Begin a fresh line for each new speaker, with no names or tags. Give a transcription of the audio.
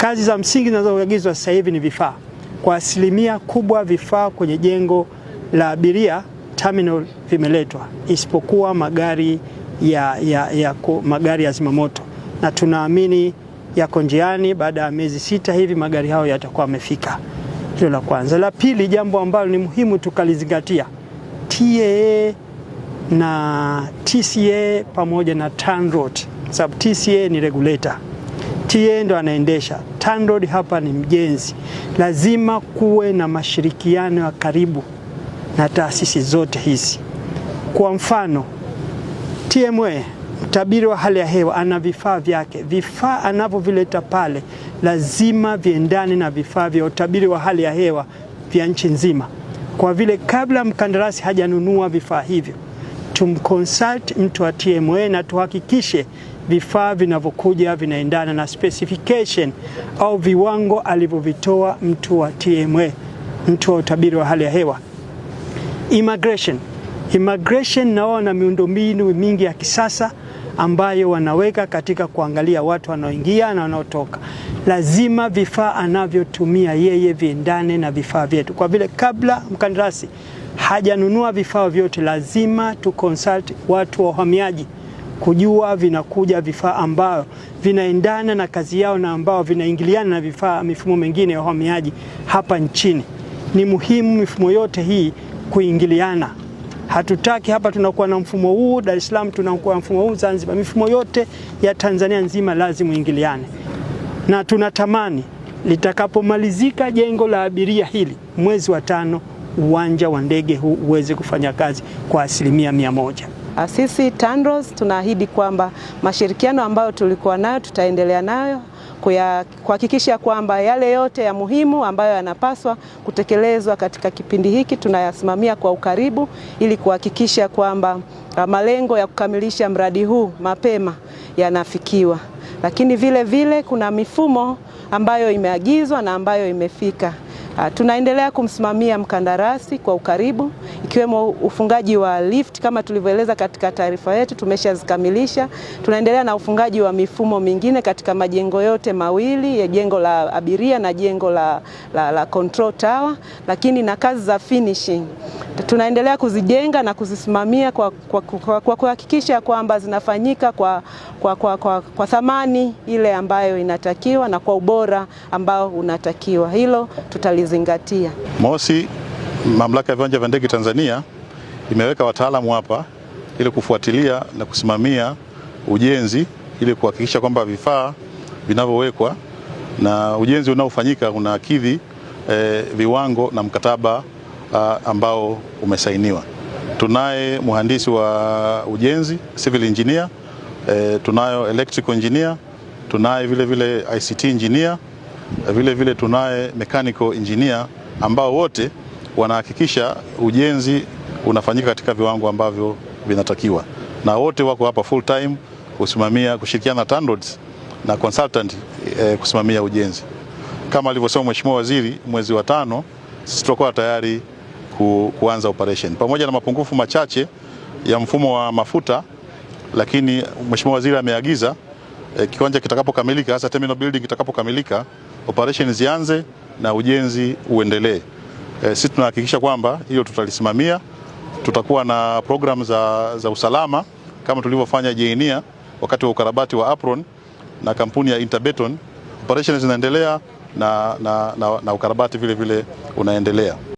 Kazi za msingi zinazoagizwa sasa hivi ni vifaa, kwa asilimia kubwa vifaa kwenye jengo la abiria terminal vimeletwa, isipokuwa magari ya, ya, ya, magari ya zimamoto, na tunaamini yako njiani. Baada ya miezi sita hivi magari hayo yatakuwa yamefika. Hilo la kwanza. La pili, jambo ambalo ni muhimu tukalizingatia, TAA na TCA pamoja na TANROADS, sababu TCA ni regulator ta ndo anaendesha, TANROADS hapa ni mjenzi. Lazima kuwe na mashirikiano ya karibu na taasisi zote hizi. Kwa mfano, TMA mtabiri wa hali ya hewa ana vifaa vyake, vifaa anavyovileta pale lazima viendane na vifaa vya utabiri wa hali ya hewa vya nchi nzima, kwa vile kabla mkandarasi hajanunua vifaa hivyo tumconsult mtu wa TMA na tuhakikishe vifaa vinavyokuja vinaendana na specification au viwango alivyovitoa mtu wa TMA, mtu wa utabiri wa hali ya hewa. Immigration, immigration nao wana miundombinu mingi ya kisasa ambayo wanaweka katika kuangalia watu wanaoingia na wanaotoka. Lazima vifaa anavyotumia yeye viendane na vifaa vyetu, kwa vile kabla mkandarasi hajanunua vifaa vyote, lazima tu consult watu wa uhamiaji kujua vinakuja vifaa ambayo vinaendana na kazi yao na ambao vinaingiliana na vifaa mifumo mengine ya uhamiaji hapa nchini. Ni muhimu mifumo yote hii kuingiliana. Hatutaki hapa tunakuwa na mfumo huu Dar es Salaam, tunakuwa na mfumo huu Zanzibar. Mifumo yote ya Tanzania nzima lazima uingiliane, na tunatamani litakapomalizika jengo la abiria hili mwezi wa tano, uwanja wa ndege huu uweze kufanya kazi kwa asilimia mia moja.
Ah, sisi TANROADS tunaahidi kwamba mashirikiano ambayo tulikuwa nayo tutaendelea nayo kuhakikisha kwamba yale yote ya muhimu ambayo yanapaswa kutekelezwa katika kipindi hiki tunayasimamia kwa ukaribu ili kuhakikisha kwamba ah, malengo ya kukamilisha mradi huu mapema yanafikiwa. Lakini vile vile kuna mifumo ambayo imeagizwa na ambayo imefika. Ah, tunaendelea kumsimamia mkandarasi kwa ukaribu, ikiwemo ufungaji wa lift kama tulivyoeleza katika taarifa yetu, tumeshazikamilisha. Tunaendelea na ufungaji wa mifumo mingine katika majengo yote mawili ya jengo la abiria na jengo la, la, la control tower, lakini na kazi za finishing tunaendelea kuzijenga na kuzisimamia kwa kuhakikisha kwa, kwa, kwa kwamba zinafanyika kwa, kwa, kwa, kwa, kwa thamani ile ambayo inatakiwa na kwa ubora ambao unatakiwa. Hilo tutalizingatia.
Mosi, Mamlaka ya Viwanja vya Ndege Tanzania imeweka wataalamu hapa ili kufuatilia na kusimamia ujenzi ili kuhakikisha kwamba vifaa vinavyowekwa na ujenzi unaofanyika unakidhi eh, viwango na mkataba uh, ambao umesainiwa. Tunaye mhandisi wa ujenzi civil engineer eh, tunayo electrical engineer, tunaye vile vile ICT engineer, eh, vile vile tunaye mechanical engineer ambao wote wanahakikisha ujenzi unafanyika katika viwango ambavyo vinatakiwa, na wote wako hapa full time kusimamia, kushirikiana na TANROADS na consultant e, kusimamia ujenzi. Kama alivyosema Mheshimiwa Waziri, mwezi wa tano sisi tutakuwa tayari ku, kuanza operation pamoja na mapungufu machache ya mfumo wa mafuta, lakini Mheshimiwa Waziri ameagiza eh, kiwanja kitakapokamilika hasa terminal building kitakapokamilika operation zianze na ujenzi uendelee. Eh, sisi tunahakikisha kwamba hiyo tutalisimamia. Tutakuwa na program za, za usalama kama tulivyofanya Jainia wakati wa ukarabati wa Apron na kampuni ya Interbeton. Operation zinaendelea na, na, na, na ukarabati vile vile unaendelea.